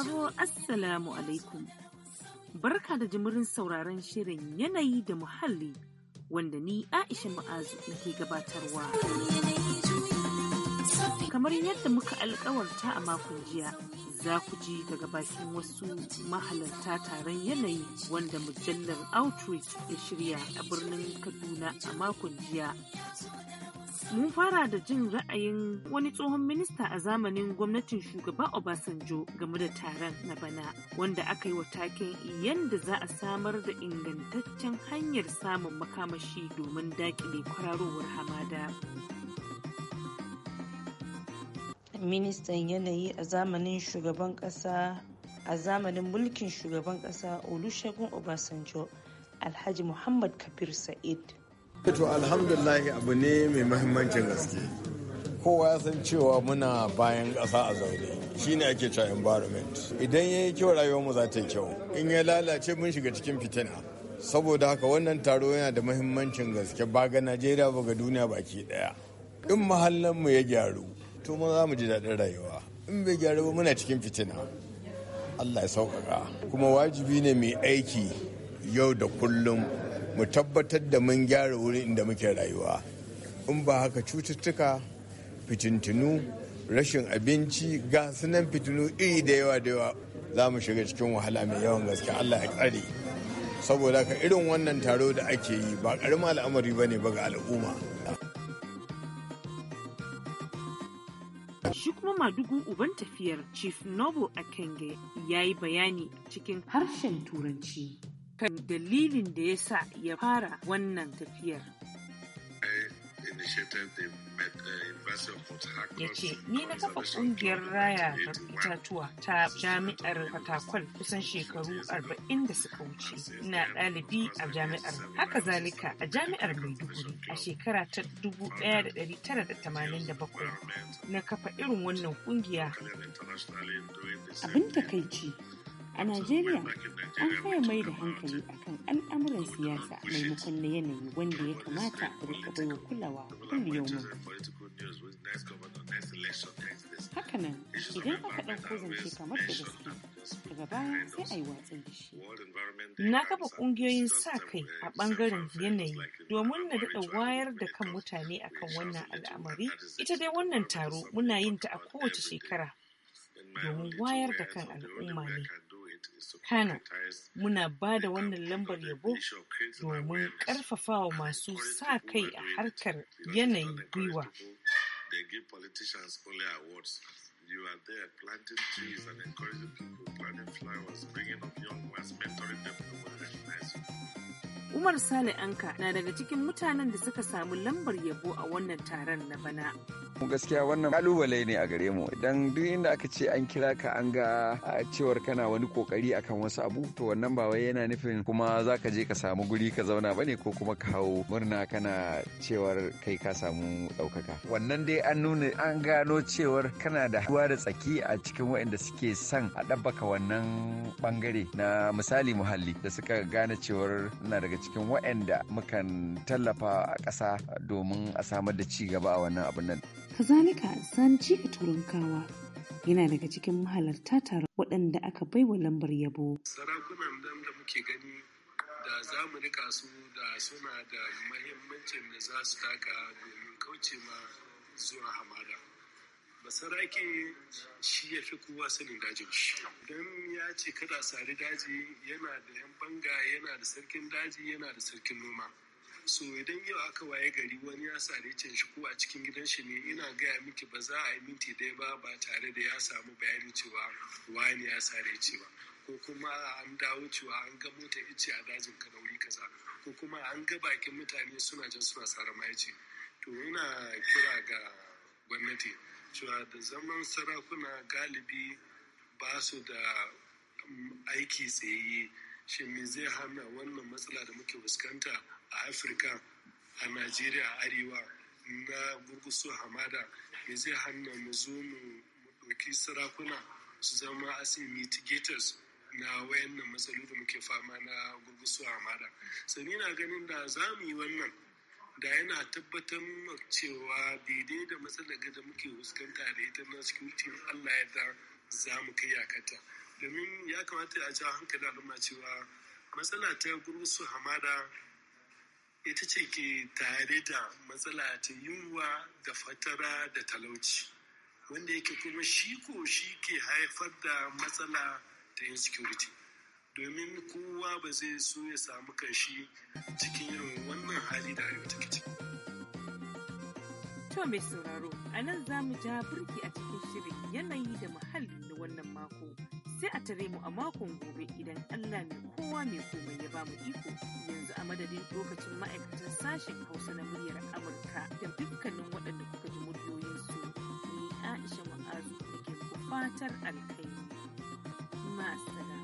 sauraro Assalamu alaikum. Barka da jimurin sauraron shirin yanayi da muhalli wanda ni Aisha Ma'azu nake gabatarwa. kamar yadda muka alkawarta a makon jiya za ku ji daga bakin wasu mahalarta taron yanayi wanda mujallar outreach ya shirya a birnin kaduna a makon jiya mun fara da jin ra'ayin wani tsohon minista a zamanin gwamnatin shugaba obasanjo game da taron na bana wanda aka yi wa taken yadda za a samar da ingantaccen hanyar samun makamashi domin dakile kwararowar hamada ministan yanayi a zamanin shugaban kasa a zamanin mulkin shugaban kasa olusegun obasanjo alhaji muhammad kabir sa'id to alhamdulahi abu ne mai mahimmancin gaske kowa ya san cewa muna bayan ƙasa a zaune shine ake cewa environment idan ya yi kyau rayuwarmu za ta yi kyau in ya lalace mun shiga cikin fitina saboda haka wannan taro yana da mahimmancin gaske ba ga najeriya ba ga duniya baki daya in mahallanmu ya gyaru to ma za mu ji daɗin rayuwa in bai gyara ba muna cikin fitina Allah ya sauƙaƙa kuma wajibi ne mai aiki yau da kullum mu tabbatar da mun gyara wurin inda muke rayuwa in ba haka cututtuka fitintinu rashin abinci ga sunan fitinu iri da yawa da yawa za mu shiga cikin wahala mai yawan gaske Allah ya tsare saboda ka irin wannan taro da ake yi ba ƙaramin al'amari ba ne ba ga al'umma Madugu uban tafiyar Chief Noble Akenge ya yi bayani cikin harshen Turanci kan dalilin da ya sa ya fara wannan tafiyar. ya ce ni na kafa kungiyar raya ta itatuwa ta jami'ar fatakwal kusan shekaru 40 da suka wuce ina ɗalibi a jami'ar haka zalika a jami'ar maiduguri a shekara ta 1987 na kafa irin wannan kungiya abin takaici A Najeriya, an fara mai da hankali akan al'amuran siyasa maimakon na yanayi wanda ya kamata a rika baiwa kulawa kullum. nan, idan aka ɗauko zance kamar da gaske, daga baya sai a yi watsar da shi. Na kafa ƙungiyoyin sa kai a ɓangaren yanayi domin na daɗa wayar da kan mutane akan wannan al'amari. Ita dai wannan taro muna yin ta a kowace shekara domin wayar da kan al'umma ne. Kana muna ba da wannan lambar yabo domin ƙarfafawa masu sa kai a harkar yanayi gwiwa. you are there planting trees and encouraging people, planting flowers, bringing up young ones, mentoring them to the recognize Umar Sale Anka na daga cikin mutanen da suka samu lambar yabo a wannan taron na bana. mu gaskiya wannan kalubale ne a gare mu idan duk inda aka ce an kira ka an ga cewar kana wani kokari akan wasu abu to wannan ba wai yana nufin kuma za ka je ka samu guri ka zauna bane ko kuma ka hau murna kana cewar kai ka samu ɗaukaka wannan dai an nuna an gano cewar kana da ruwa da tsaki a cikin waɗanda suke son a ɗabbaka wannan bangare na misali muhalli da suka gane cewar na daga cikin waɗanda mukan tallafa a ƙasa domin a samar da ci gaba a wannan abin nan. Kazalika ci a turankawa yana daga cikin mahalarta taron waɗanda aka baiwa lambar yabo. Sarakunan nan da muke gani da za mu rika su da suna da mahimmancin da za su taka domin kauce ma zuwa hamada. Masaraki shi ya fi kowa sanin dajin shi don ya ce kada sari daji yana da yan banga yana da sarkin daji yana da sarkin noma so idan yau aka waye gari wani ya sare can shi ko a cikin gidan shi ne ina gaya miki ba za a yi minti dai ba ba tare da ya samu bayanin cewa wani ya sare cewa ko kuma an dawo cewa an ga mota ice a dajin kanauri kaza ko kuma an ga bakin mutane suna jan suna sara to ina kira ga gwamnati cewa da zaman sarakuna galibi ba su da mm, aiki tsaye shi me zai hana wannan matsala da muke fuskanta a afirka a najeriya a arewa na gurgusu hamada me zai hana mu zo mu ɗauki sarakuna su zama asin mitigators na wayannan matsaloli da muke fama na gurgusu hamada sani na ganin da za mu yi wannan da yana tabbatar cewa daidai da matsalar da muke fuskanta da ita na security Allah ya da za mu kai yakata domin ya kamata a cewa hankali al'umma cewa matsala ta gurusu hamada ita ce ke tare da matsala ta yunwa da fatara da talauci wanda yake kuma shi ko shi ke haifar da matsala ta insecurity domin kowa ba zai so ya samu kanshi cikin irin wannan hali da arewa take ciki. To mai sauraro, a nan za mu ja burki a cikin shirin yanayi da muhalli na wannan mako. Sai a tare mu a makon gobe idan Allah mai kowa mai komai ya bamu iko. Yanzu a madadin lokacin ma'aikatan sashen Hausa na muryar Amurka da dukkanin waɗanda kuka ji muryoyinsu. Ni Aisha Ma'azu da ke fatar alkai. masana.